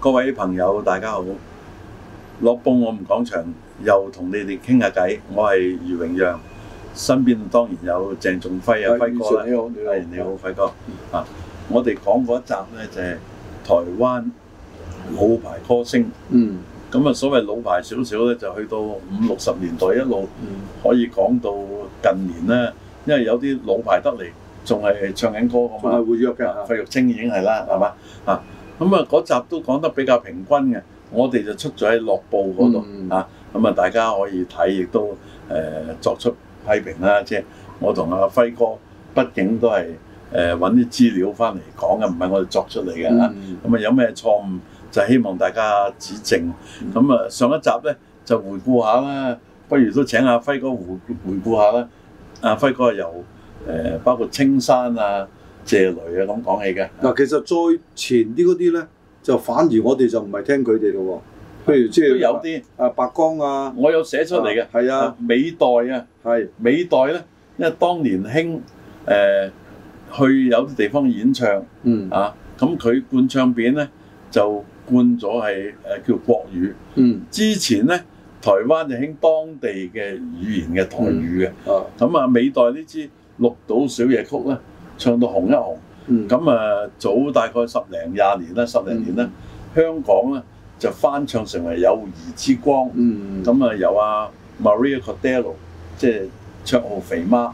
各位朋友，大家好！樂報我唔講場，又同你哋傾下偈。我係余榮陽，身邊當然有鄭仲輝啊，輝哥你好，你好，你好，輝哥。嗯、啊，我哋講嗰一集呢，就係、係、台灣老牌歌星。嗯。咁啊，所謂老牌少少呢，就去到五六十年代一路，嗯、可以講到近年啦。因為有啲老牌得嚟，仲係唱緊歌咁嘛。仲係活躍嘅，費玉清已經係啦，係嘛？啊！咁啊，嗰集都講得比較平均嘅，我哋就出咗喺《樂、嗯、報》嗰度啊。咁啊大家可以睇，亦都誒、呃、作出批評啦。即係我同阿輝哥，畢竟都係誒揾啲資料翻嚟講嘅，唔係我哋作出嚟嘅嚇。咁、嗯、啊，有咩錯誤就希望大家指正。咁、嗯、啊，上一集咧就回顧下啦，不如都請阿、啊、輝哥回回顧下啦。阿、啊、輝哥係由誒、呃、包括青山啊。謝雷啊，咁講起嘅嗱、嗯，其實再前啲嗰啲咧，就反而我哋就唔係聽佢哋咯喎。譬如即、就、係、是、有啲啊，啊，白光啊，我有寫出嚟嘅。係啊，啊，啊，美代啊，係美代咧，因為當年興誒、呃、去有啲地方演唱，嗯啊，咁佢灌唱片咧就灌咗係誒叫國語。嗯，之前咧台灣就興當地嘅語言嘅台語嘅。咁、嗯、啊，啊，美代呢支《綠島小夜曲》呢咧。唱到紅一紅，咁、嗯、啊，早大概十零廿年啦，十零年啦、嗯，香港咧就翻唱成為友誼之光，咁、嗯、啊，有啊 Maria Cordero 即係綽號肥媽，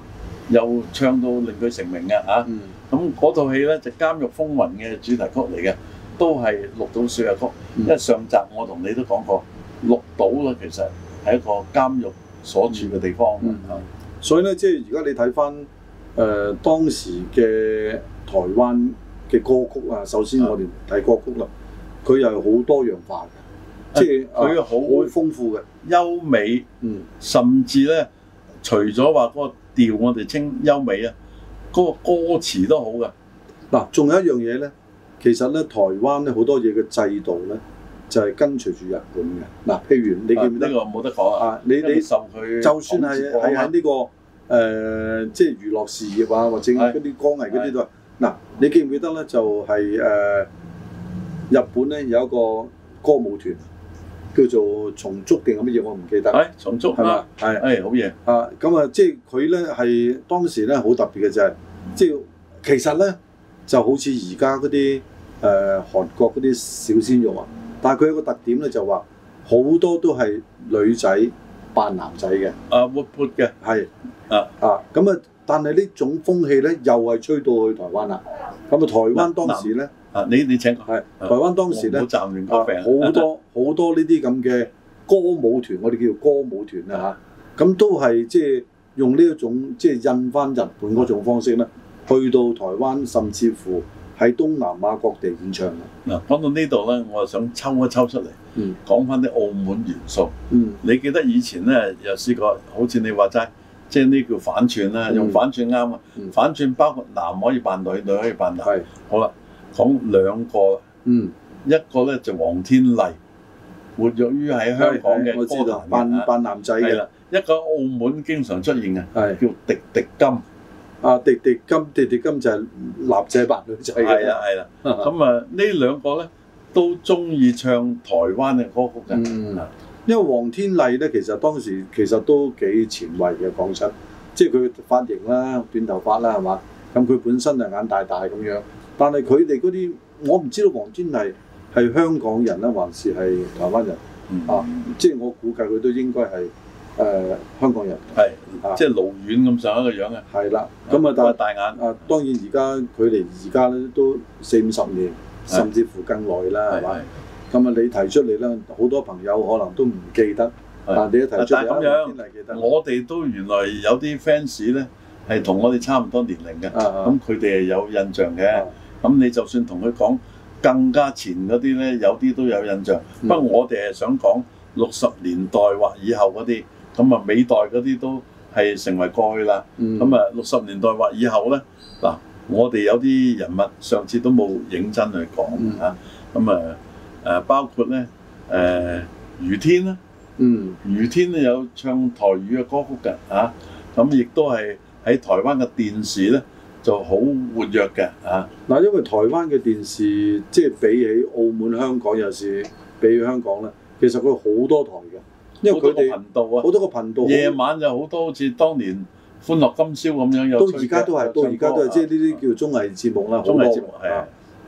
又唱到令佢成名嘅嚇。咁嗰套戲咧就是《監獄風雲》嘅主題曲嚟嘅，都係綠島小夜曲、嗯。因為上集我同你都講過，綠島啊，其實係一個監獄所住嘅地方、嗯嗯嗯、所以咧，即係而家你睇翻。誒、呃、當時嘅台灣嘅歌曲啊，首先我哋睇歌曲啦，佢又好多樣化、啊，即係佢好豐富嘅，優美，嗯，甚至咧，除咗話嗰個調我哋，我哋稱優美啊，嗰、嗰個歌詞都好㗎。嗱，仲有一樣嘢咧，其實咧，台灣咧好多嘢嘅制度咧，就係、係、跟隨住日本嘅。嗱、啊，譬如你記唔記得？呢、啊呢個冇得講啊！你你受就算係喺喺呢個。誒、呃，即係娛樂事業啊，或者嗰啲歌藝嗰啲都係。嗱、啊，你記唔記得咧？就係、是、誒、呃，日本咧有一個歌舞團叫做松竹定係乜嘢？我唔記得。係、哎、松竹係嘛？係誒，好嘢。啊，咁、哎嗯、啊，即係佢咧係當時咧好特別嘅就係、是，即係其實咧就好似而家嗰啲誒韓國嗰啲小鮮肉啊，但係佢有個特點咧就話、是、好多都係女仔。扮男仔嘅，啊活潑嘅，係，啊啊咁啊，但係呢種風氣咧，又係吹到去台灣啦。咁啊、uh，台灣當時咧、啊，啊你你請，係台灣當時咧，好、uh, 多好多呢啲咁嘅歌舞團，我哋叫做歌舞團、uh, 啊嚇。咁都係即係用呢一種即係、就是、印翻日本嗰種方式咧，uh，去到台灣，甚至乎，喺東南亞各地演唱嗱，講到呢度咧，我就想抽一抽出嚟講翻啲澳門元素。嗯，你記得以前咧又試過，好似你話齋，即係呢叫反串啦、嗯，用反串啱啊！反串包括男可以扮女，嗯、女可以扮男。係。好啦，講兩個，嗯，一個咧就黃天麗，活躍於喺香港嘅歌壇，扮扮男仔嘅。一個澳門經常出現嘅叫迪迪金。啊！迪迪金，迪迪金就係《蠟姐白女仔》 啊！係啊，係啦。咁啊，兩呢兩個咧都中意唱台灣嘅歌曲。嗯，因為黃天麗咧，其實當時其實都幾前衞嘅講真，即係佢髮型啦、短頭髮啦，係嘛？咁佢本身就眼大大咁樣，但係佢哋嗰啲，我唔知道黃天麗係香港人咧，還是係台灣人、嗯、啊？即係我估計佢都應該係。誒、呃、香港人係、啊，即係老遠咁上一個樣嘅。係啦，咁啊但係大眼啊，當然而家距離而家咧都四五十年，甚至乎更耐啦，係咪？咁啊你提出嚟咧，好多朋友可能都唔記得，但你都提出有啲嚟，我哋都原來有啲 fans 咧係同我哋差唔多年齡嘅，咁佢哋係有印象嘅。咁、啊、你就算同佢講更加前嗰啲咧，有啲都有印象。嗯、不過我哋係想講六十年代或以後嗰啲。咁啊，美代嗰啲都係成為過去啦。咁、嗯、啊，六十年代或以後呢，嗱，我哋有啲人物上次都冇認真去講啊。咁啊，誒、啊、包括呢，誒、呃、余天啦，嗯、啊，余天呢有唱台語嘅歌曲㗎，啊，咁、啊、亦都係喺台灣嘅電視呢就好活躍嘅，啊，嗱，因為台灣嘅電視即係比起澳門、香港，又是比起香港呢，其實佢好多台嘅。因為佢哋好多個頻道，夜晚有好多好似當年《歡樂今宵》咁樣，又到而家都係，到而家都係即係呢啲叫綜藝節目啦。綜藝節目係，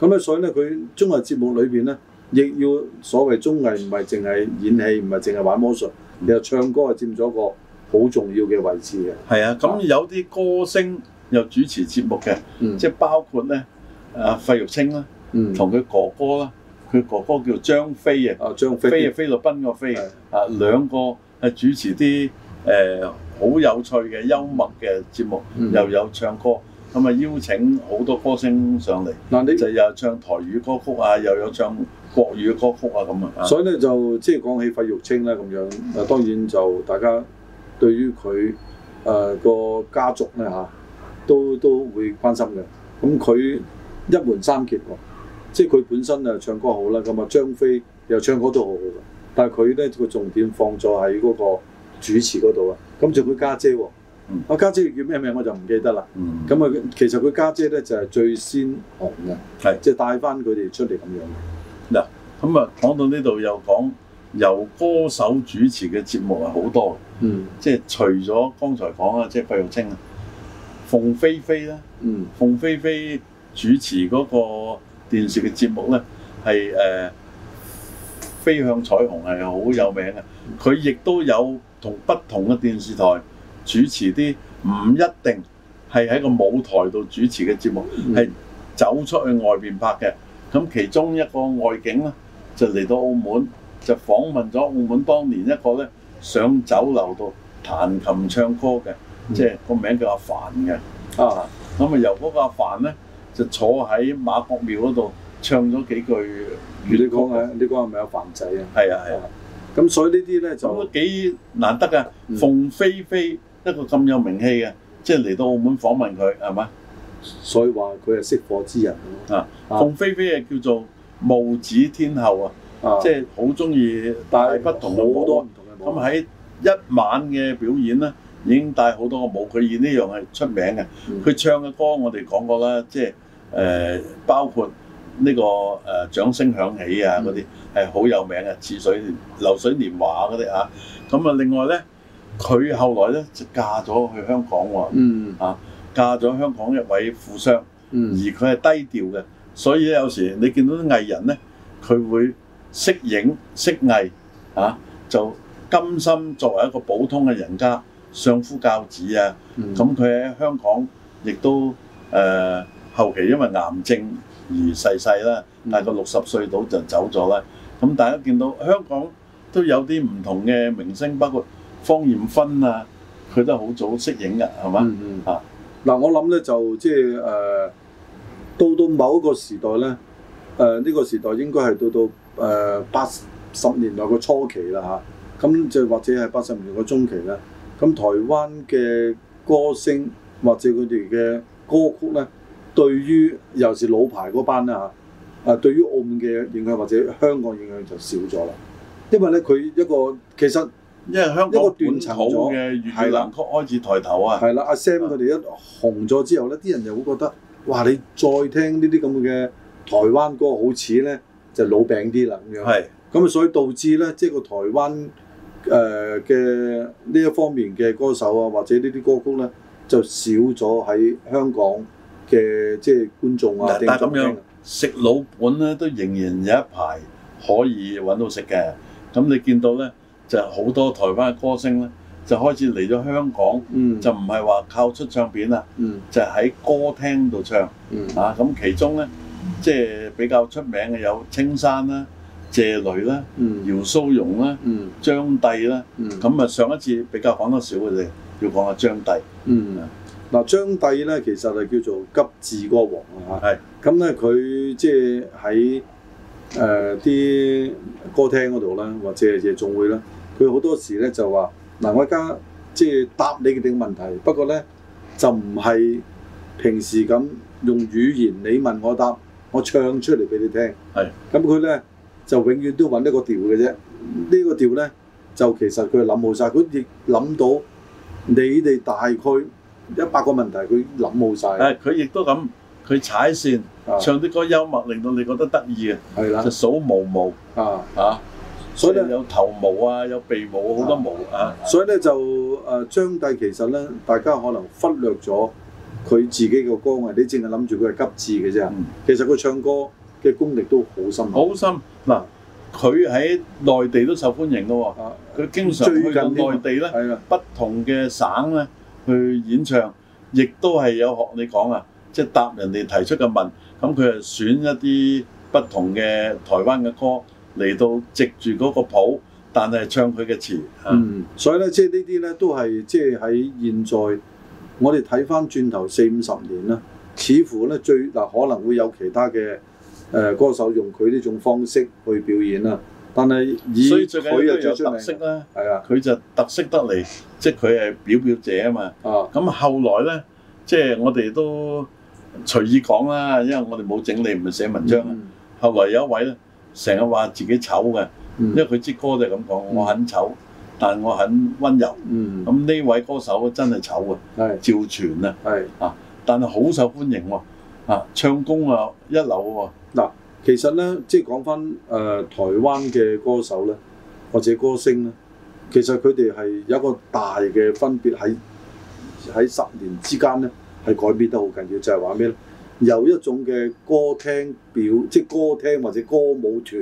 咁啊，所以咧，佢綜藝節目裏邊咧，亦要所謂綜藝唔係淨係演戲，唔係淨係玩魔術，你又唱歌係、嗯啊嗯嗯、佔咗個好重要嘅位置嘅。係啊，咁有啲歌星又主持節目嘅、嗯，即係包括咧，阿、啊、費玉清啦，同、嗯、佢哥哥啦。佢哥哥叫張飛啊，張飛啊，菲律賓個飛啊，啊兩個係主持啲誒好有趣嘅幽默嘅節目、嗯，又有唱歌，咁、嗯、啊邀請好多歌星上嚟。嗱你就又唱台語歌曲啊，又有唱國語歌曲啊咁啊。所以咧就即係講起費玉清咧咁樣，啊當然就大家對於佢誒個家族咧嚇、啊、都都會關心嘅。咁、啊、佢一門三傑喎。即係佢本身啊，唱歌好啦，咁啊張飛又唱歌都好好嘅，但係佢咧個重點放咗喺嗰個主持嗰度、哦嗯、啊。咁就佢家姐喎，我家姐叫咩名我就唔記得啦。咁、嗯、啊，其實佢家姐咧就係、是、最先紅嘅，係即係帶翻佢哋出嚟咁樣嗱，咁啊講到呢度又講由歌手主持嘅節目係好多嘅、嗯，即係除咗剛才講啊，即係費玉清啊，鳳飛飛啦、啊，鳳飛飛主持嗰、那個電視嘅節目呢，係誒、呃、飛向彩虹係好有名嘅，佢亦都有同不同嘅電視台主持啲唔一定係喺個舞台度主持嘅節目，係走出去外邊拍嘅。咁其中一個外景呢，就嚟到澳門，就訪問咗澳門當年一個呢上酒樓度彈琴唱歌嘅、嗯，即係個名叫阿凡嘅啊。咁啊由嗰個阿凡呢？就坐喺馬國廟嗰度唱咗幾句。如你講啊，你講係咪有凡仔啊？係啊係啊。咁、啊啊、所以呢啲咧就幾難得啊、嗯！鳳飛飛一個咁有名氣嘅，即係嚟到澳門訪問佢係咪？所以話佢係識貨之人咯、啊啊。啊，鳳飛飛啊叫做帽子天后啊，啊即係好中意帶不同好多唔同嘅咁喺一晚嘅表演咧，已經帶好多個舞。佢演呢樣係出名嘅。佢、嗯、唱嘅歌我哋講過啦，即係。誒、呃、包括呢、這個誒、呃、掌聲響起啊嗰啲係好有名嘅，似水流水年華嗰啲啊。咁啊，另外呢，佢後來呢就嫁咗去香港喎、啊。嗯啊，嫁咗香港一位富商。嗯、而佢係低調嘅，所以有時你見到啲藝人呢，佢會識影識藝啊，就甘心作為一個普通嘅人家，相夫教子啊。咁佢喺香港亦都誒。呃後期因為癌症而逝世啦，大概六十歲到就走咗啦。咁大家見到香港都有啲唔同嘅明星，包括方艷芬啊，佢都好早識影嘅，係嘛？啊，嗱，我諗咧就即係誒到到某一個時代咧，誒呢個時代應該係到到誒八十年代個初期啦嚇，咁即係或者係八十年代個中期啦。咁台灣嘅歌星或者佢哋嘅歌曲咧。對於又是老牌嗰班咧嚇，啊對於澳門嘅影響或者香港影響就少咗啦，因為咧佢一個其實因為香港一個斷層咗係啦，原曲開始抬頭啊係啦，阿 Sam 佢哋一紅咗之後咧，啲人就會覺得哇，你再聽這些這呢啲咁嘅台灣歌好似咧就老餅啲啦咁樣，係咁所以導致咧即係個台灣誒嘅呢一方面嘅歌手啊，或者呢啲歌曲咧就少咗喺香港。嘅即係觀眾啊，但咁樣食老本咧，都仍然有一排可以揾到食嘅。咁你見到咧，就好多台灣嘅歌星咧，就開始嚟咗香港，嗯、就唔係話靠出唱片啦、嗯，就喺歌廳度唱、嗯、啊。咁其中咧，即、就、係、是、比較出名嘅有青山啦、啊、謝雷啦、啊嗯、姚蘇蓉啦、張帝啦。咁啊，嗯啊嗯、上一次比較講得少嘅，要講下張帝。嗯。嗱，張帝咧，其實係叫做急智歌王啊！嚇，咁咧佢即係喺誒啲歌廳嗰度啦，或者夜總會啦，佢好多時咧就話：嗱、嗯，我而家即係答你嘅啲問題。不過咧就唔係平時咁用語言你問我答，我唱出嚟俾你聽。係咁，佢、嗯、咧就永遠都揾一個調嘅啫。這個、呢個調咧就其實佢諗好晒，佢亦諗到你哋大概。一百個問題，佢諗冇晒，誒，佢亦都咁，佢踩線、啊、唱啲歌幽默，令到你覺得得意嘅。係啦、啊，就數毛毛係啊嚇、啊，所以咧有頭毛啊，有鼻毛、啊，好、啊、多毛啊。啊啊所以咧就誒、呃、張帝其實咧，大家可能忽略咗佢自己嘅歌啊，你淨係諗住佢係急智嘅啫、嗯。其實佢唱歌嘅功力都好深好深。好深嗱，佢喺內地都受歡迎嘅啊，佢經常去到內地咧、啊，不同嘅省咧。去演唱，亦都係有學你講啊，即係答人哋提出嘅問，咁佢誒選一啲不同嘅台灣嘅歌嚟到藉住嗰個譜，但係唱佢嘅詞。嗯，所以咧，即係呢啲咧都係即係喺現在，我哋睇翻轉頭四五十年啦，似乎咧最嗱可能會有其他嘅誒歌手用佢呢種方式去表演啦。但係，所以佢就有特色啦。係啊，佢就特色得嚟，即係佢係表表者啊嘛。啊，咁後來咧，即、就、係、是、我哋都隨意講啦，因為我哋冇整理，唔係寫文章。嗯、後嚟有一位咧，成日話自己醜嘅、嗯，因為佢支歌就係咁講，我很醜，但我很溫柔。嗯，咁呢位歌手真係醜嘅，趙傳啊，係啊，但係好受歡迎喎，啊，唱功啊一流喎、啊，嗱、啊。其實咧，即係講翻誒台灣嘅歌手咧，或者歌星咧，其實佢哋係有一個大嘅分別，喺喺十年之間咧，係改變得好緊要，就係話咩咧？由一種嘅歌廳表，即係歌廳或者歌舞團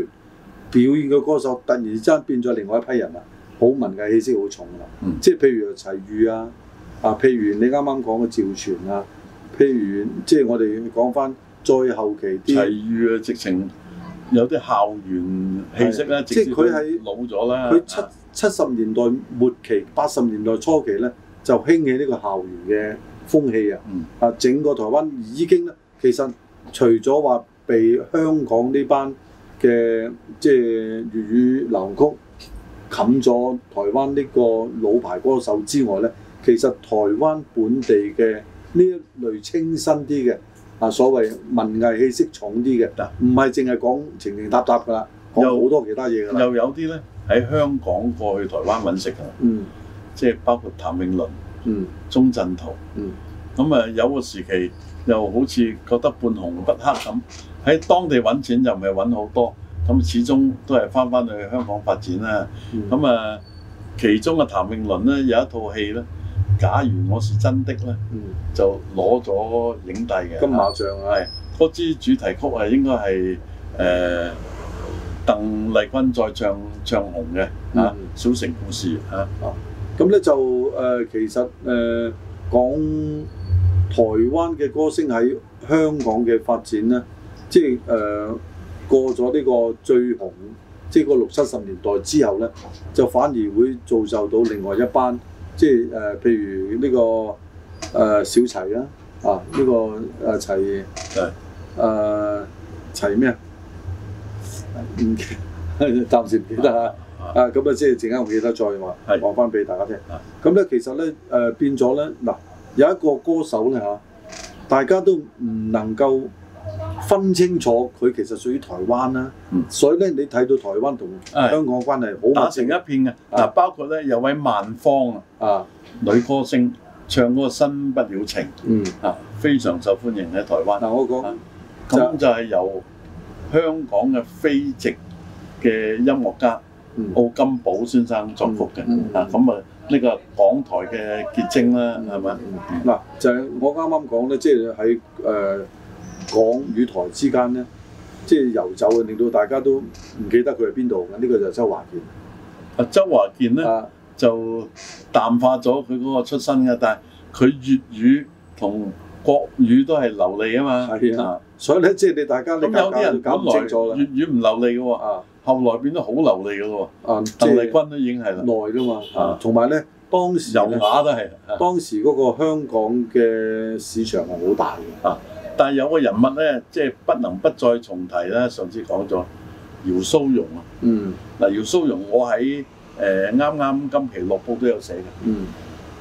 表演嘅歌手，突然之間變咗另外一批人啦，好文藝氣息好重啦、嗯。即係譬如齊豫啊，啊，譬如你啱啱講嘅趙傳啊，譬如即係我哋講翻。再後期啲，齊豫啊！直情有啲校園氣息啦。即係佢喺老咗啦。佢七七十年代末期、八十年代初期咧，就興起呢個校園嘅風氣啊！啊、嗯，整個台灣已經咧，其實除咗話被香港呢班嘅即係粵語流行曲冚咗台灣呢個老牌歌手之外咧，其實台灣本地嘅呢一類清新啲嘅。啊，所謂文藝氣息重啲嘅，唔係淨係講情情搭搭㗎啦，有好多其他嘢㗎啦。又有啲咧喺香港過去台灣揾食嘅，嗯，即係包括譚詠麟，嗯，鍾鎮濤，嗯，咁啊有個時期又好似覺得半紅不黑咁，喺當地揾錢又唔係揾好多，咁始終都係翻返去香港發展啦。咁、嗯、啊，其中嘅譚詠麟咧有一套戲咧。假如我是真的咧，就攞咗影帝嘅金馬獎，係嗰支主題曲係應該係誒鄧麗君再唱唱紅嘅嚇、嗯、小城故事嚇。咁、啊、咧就誒、呃、其實誒講、呃、台灣嘅歌星喺香港嘅發展咧，即係誒過咗呢個最紅，即、就、係、是、個六七十年代之後咧，就反而會造就到另外一班。即係、呃、譬如呢、呢個、呃、小齊啦，啊呢、呢個齊、呃、齊咩啊？唔記得，暫時唔記得啊，咁啊，啊，啊，即係陣間我記得再話講翻俾大家聽。咁咧、啊、其實咧誒、呃、變咗咧嗱有一個歌手咧、啊、大家都唔能夠。分清楚佢其實屬於台灣啦，所以咧你睇到台灣同香港嘅關係好打成一片嘅。嗱，包括咧有位萬芳啊女歌星唱嗰個《新不了情》，啊非常受歡迎喺台灣。嗱，我講咁就係由香港嘅菲籍嘅音樂家奧金寶先生作曲嘅啊，咁啊呢個港台嘅結晶啦，係咪？嗱就係我啱啱講咧，即係喺誒。港與台之間咧，即係遊走嘅，令到大家都唔記得佢係邊度。咁呢個就係周華健。啊，周華健咧，啊，就淡化咗佢嗰個出身嘅，但係佢粵語同國語都係流利啊嘛。係啊，啊，所以咧，即係你大家。咁，嗯，有啲人咁來粵語唔流利嘅喎啊，後來變得好流利嘅喎，啊。啊，鄧麗君都已經係啦。耐㗎嘛。啊，同埋咧，當時尤雅都係。當時嗰個香港嘅市場係好大嘅。啊。但係有個人物咧，即係不能不再重提啦。上次講咗姚蘇蓉啊，嗯，嗱，姚蘇蓉我喺誒啱啱今期樂報都有寫嘅，嗯，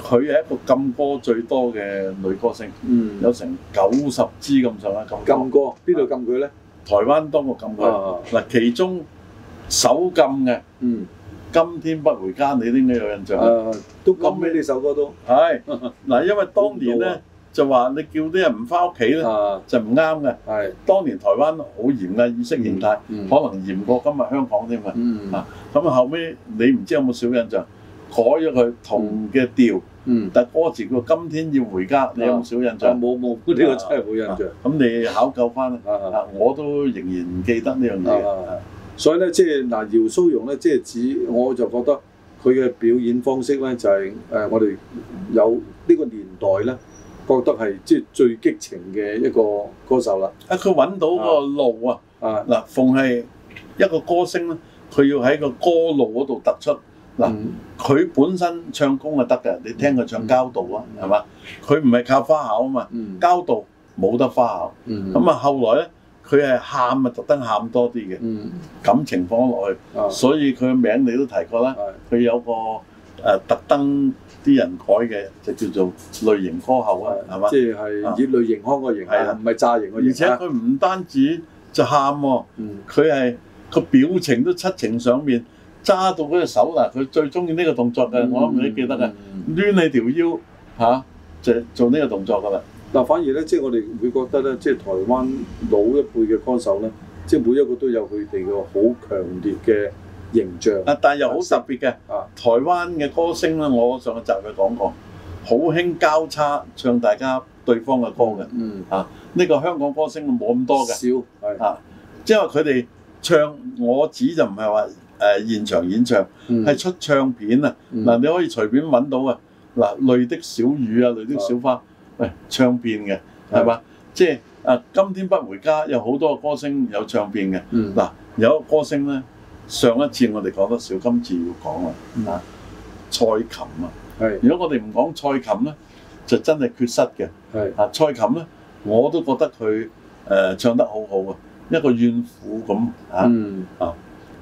佢係一個禁歌最多嘅女歌星，嗯，有成九十支咁上下禁。禁歌邊度禁佢咧？台灣當局禁佢。嗱，其中首禁嘅，嗯，今天不回家，你應該有印象啦。都禁俾，呢首歌都係嗱，因為當年咧。就話你叫啲人唔翻屋企咧，就唔啱嘅。係當年台灣好嚴嘅意識形態，嗯、可能嚴過今日香港添。咪、嗯。啊，咁後尾你唔知有冇小印象改咗佢同嘅調、嗯。但歌詞叫今天要回家，啊、你有冇小印象？冇、啊、冇，呢個真係冇印象。咁、啊、你考究翻啊？我都仍然唔記得呢樣嘢。所以咧，即係嗱，姚蘇蓉咧，即、就、係、是、指我就覺得佢嘅表演方式咧、就是，就係誒，我哋有呢個年代咧。覺得係即係最激情嘅一個歌手啦！啊，佢揾到個路啊！啊嗱，逢、啊、係一個歌星咧，佢要喺個歌路嗰度突出嗱。佢、啊嗯、本身唱功啊得嘅，你聽佢唱交道啊，係、嗯嗯、嘛？佢唔係靠花巧啊嘛，交道冇得花巧。咁、嗯、啊，後來咧，佢係喊啊，特登喊多啲嘅、嗯，感情放落去、啊。所以佢嘅名你都提過啦，佢有個。誒、啊、特登啲人改嘅就叫做類型歌后啊，係嘛？即係以類型歌個型，係啊，唔係炸型嘅型。而且佢唔單止就喊喎，佢係個表情都七情上面揸到嗰隻手啦。佢、啊、最中意呢個動作嘅、嗯，我諗你記得嘅，攣你條腰嚇、啊、就做呢個動作㗎啦。嗱，反而咧，即係我哋會覺得咧，即係台灣老一輩嘅歌手咧，即係每一個都有佢哋嘅好強烈嘅。形象啊！但又好特別嘅、啊，台灣嘅歌星咧，我上集就講過，好興交叉唱大家對方嘅歌嘅。嗯啊，呢、這個香港歌星冇咁多嘅少係啊，即係佢哋唱我指就唔係話誒現場演唱，係、嗯、出唱片、嗯、啊。嗱，你可以隨便揾到啊。嗱，淚的小雨啊，淚的小花，喂、啊哎，唱片嘅係嘛？即係、就是、啊，今天不回家有好多歌星有唱片嘅。嗯，嗱、啊，有一個歌星咧。上一次我哋講得少，今次要講啦。啊、嗯，蔡琴啊，係。如果我哋唔講蔡琴咧，就真係缺失嘅。係。啊，蔡琴咧，我都覺得佢誒、呃、唱得好好啊，一個怨婦咁嚇。嗯。啊，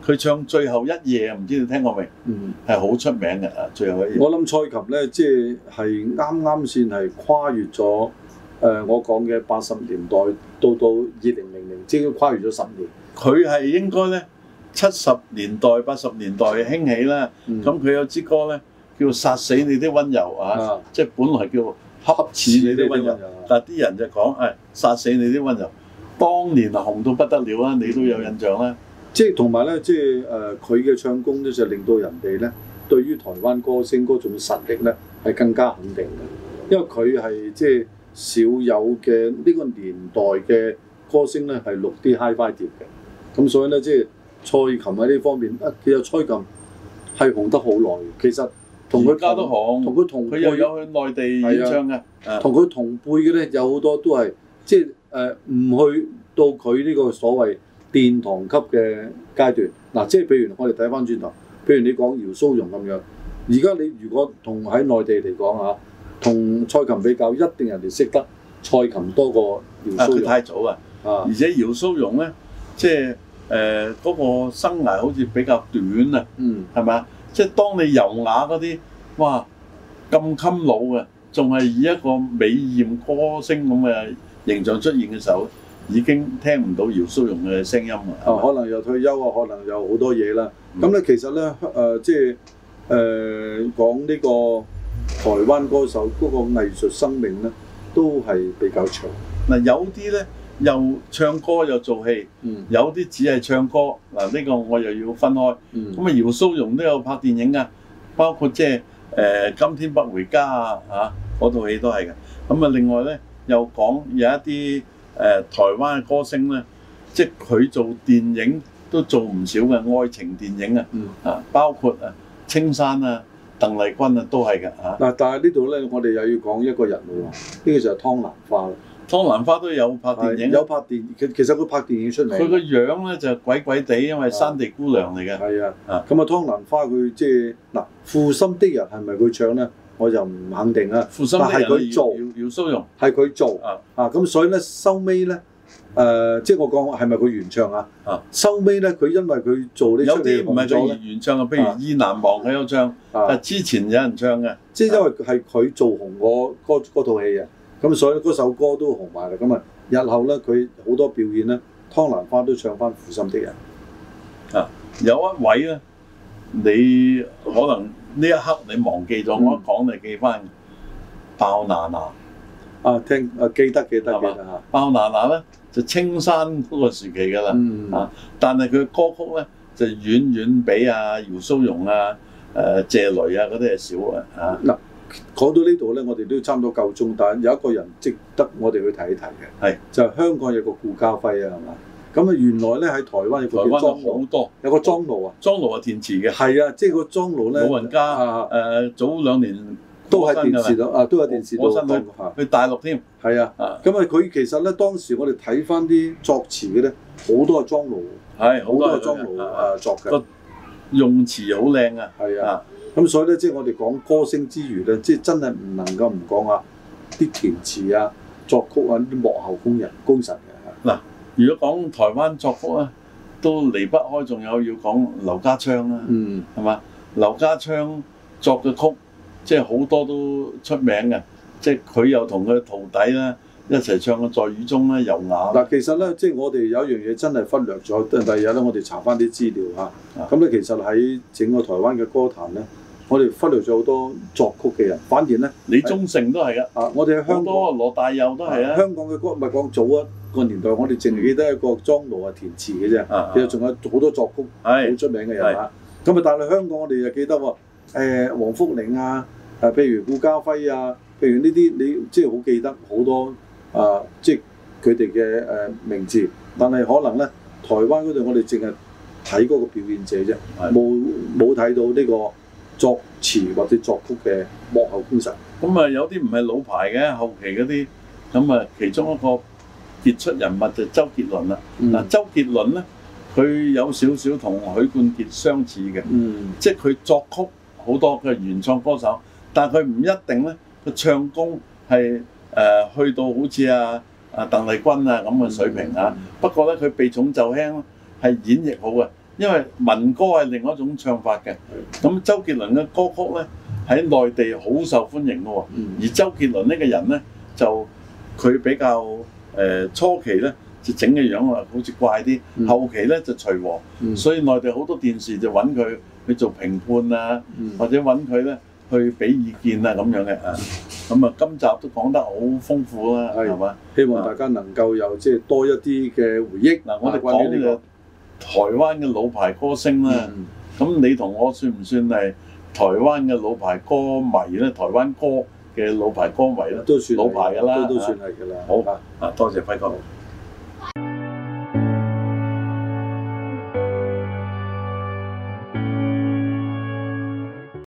佢唱最後一夜唔知你聽過未？嗯。係好出名嘅啊，最後一夜。我諗蔡琴咧，即係係啱啱先係跨越咗誒、呃，我講嘅八十年代到到二零零零，即係跨越咗十年。佢係應該咧。七十年代、八十年代嘅興起啦，咁、嗯、佢有支歌呢，叫《殺死你啲温柔、嗯》啊，即係本來叫恰似你啲温柔，柔，但啲人就講係、哎、殺死你啲温柔。當年紅到不得了啊，你都有印象啦。即係同埋呢，即係佢嘅唱功呢，就，是呃、就令到人哋呢對於台灣歌星嗰種實力呢係更加肯定嘅，因為佢係即係少有嘅呢個年代嘅歌星呢，係錄啲 Hi-Fi 碟嘅，咁所以呢，即、就、係、是。蔡琴喺呢方面，其實蔡琴係紅得好耐。其實同佢得同，同佢同，佢又有去內地唱嘅。啊啊、同佢同輩嘅咧，有好多都係即係誒，唔、呃、去到佢呢個所謂殿堂級嘅階段。嗱、啊，即係譬如我哋睇翻轉頭，譬如你講姚蘇蓉咁樣，而家你如果同喺內地嚟講嚇，同、啊、蔡琴比較，一定人哋識得蔡琴多過姚蘇蓉。啊、太早啊！而且姚蘇蓉咧，即係。誒、呃、嗰、那個生涯好似比較短啊，嗯，係咪啊？即係當你柔雅嗰啲，哇，咁襟老嘅，仲係以一個美豔歌星咁嘅形象出現嘅時候，已經聽唔到姚蘇蓉嘅聲音啊！可能有退休啊，可能有好多嘢啦。咁、嗯、咧其實咧，香、呃、即係誒講呢個台灣歌手嗰個藝術生命咧，都係比較長。嗱、呃，有啲咧。又唱歌又做戲，嗯、有啲只係唱歌嗱，呢、呢個我又要分開。咁、嗯、啊，姚蘇蓉都有拍電影啊，包括即係誒《今天不回家》啊，嚇嗰套戲都係嘅。咁啊，另外咧又講有一啲誒、呃、台灣嘅歌星咧，即係佢做電影都做唔少嘅愛情電影啊，嗯、啊包括啊青山啊、鄧麗君啊都係嘅。嚇。嗱，但係呢度咧，我哋又要講一個人喎，呢、嗯呢個就係湯蘭花。湯蘭花都有拍電影，有拍電影，其實佢拍電影出嚟，佢個樣咧就鬼鬼哋，因為山地姑娘嚟嘅。係啊，咁啊湯、嗯嗯、蘭花佢即係嗱，《負心的人》係咪佢唱咧？我就唔肯定啊。負心係佢做，要要，要容係佢做啊，咁、啊、所以咧收尾咧，誒，即、呃、係、就是、我講係咪佢原唱啊？收尾咧，佢因為佢做呢、啊、有啲唔係做原唱啊，譬如《意難忘》佢有唱，啊，但之前有人唱嘅，即、啊、係、就是、因為係佢做紅嗰套戲啊。咁所以嗰首歌都紅埋啦，咁啊，日後咧佢好多表演咧，湯蘭花都唱翻《負心的人》啊，有一位咧，你可能呢一刻你忘記咗，我一講你記翻《鮑娜娜》啊，聽啊記得記得記得嚇，《鮑、啊、娜娜》咧就青山嗰個時期㗎啦、嗯，啊，但係佢歌曲咧就遠遠比阿姚蘇蓉啊、誒、啊啊、謝雷啊嗰啲係少啊嚇。啊。講到呢度咧，我哋都要差唔多夠鐘，但有一個人值得我哋去睇一睇嘅，係就係、香港有個顧嘉輝啊，係嘛？咁啊，原來咧喺台灣，台灣有好多，有個莊奴啊，莊奴啊填詞嘅，係啊，即係個莊奴咧，老人家誒、啊呃、早兩年都喺電視度啊，都喺電視度，我身、啊、去大陸添，係啊，咁啊，佢、啊、其實咧當時我哋睇翻啲作詞嘅咧，好多係莊奴，係好多係莊奴誒作嘅、啊，用詞又好靚啊，係啊。咁所以咧，即係我哋講歌聲之餘咧，即係真係唔能夠唔講啊啲填詞啊、作曲啊啲幕後工人、功臣、啊。嘅。嗱，如果講台灣作曲啊，都離不開，仲有要講劉家昌啦、啊，嗯，係嘛？劉家昌作嘅曲，即係好多都出名嘅，即係佢又同佢徒弟咧、啊、一齊唱嘅《在雨中、啊》咧，尤雅。嗱，其實咧，即係我哋有一樣嘢真係忽略咗。第二日咧，我哋查翻啲資料嚇、啊，咁、啊、咧其實喺整個台灣嘅歌壇咧。我哋忽略咗好多作曲嘅人，反而咧，李宗盛都係嘅。啊，我哋香港，多羅大佑都係啦。香港嘅歌唔係講早一個年代，嗯、我哋淨記得一個莊奴啊填詞嘅啫。啊，其實仲有好多作曲，係好出名嘅人嚇。咁啊，但係香港我哋就記得喎。誒、呃，王福寧啊，啊，譬如顧嘉煇啊，譬如呢啲你即係好記得好多啊，即係佢哋嘅誒名字。嗯、但係可能咧，台灣嗰度我哋淨係睇嗰個表演者啫，冇冇睇到呢、呢個。作詞或者作曲嘅幕後高手，咁啊有啲唔係老牌嘅後期嗰啲，咁啊其中一個傑出人物就周杰倫啦。嗱，周杰倫咧，佢有少少同許冠傑相似嘅，即係佢作曲好多嘅原創歌手，但係佢唔一定咧，佢唱功係誒去到好似啊啊鄧麗君啊咁嘅水平啊。不過咧，佢避重就輕，係演繹好嘅。因為民歌係另一種唱法嘅，咁周杰倫嘅歌曲呢，喺內地好受歡迎咯喎、哦嗯，而周杰倫呢個人呢，就佢比較誒、呃、初期呢就整嘅樣啊，好似怪啲，後期呢就隨和、嗯，所以內地好多電視就揾佢去做評判啊，嗯、或者揾佢呢去俾意見啊咁、嗯、樣嘅啊，咁、嗯、啊、嗯、今集都講得好豐富啦，係嘛？希望大家能夠有即係多一啲嘅回憶。我哋關於呢個。台灣嘅老牌歌星啦，咁、嗯、你同我算唔算係台灣嘅老牌歌迷咧？台灣歌嘅老牌歌迷咧，都算老牌㗎啦，都算係㗎啦。好啊，啊多謝輝哥。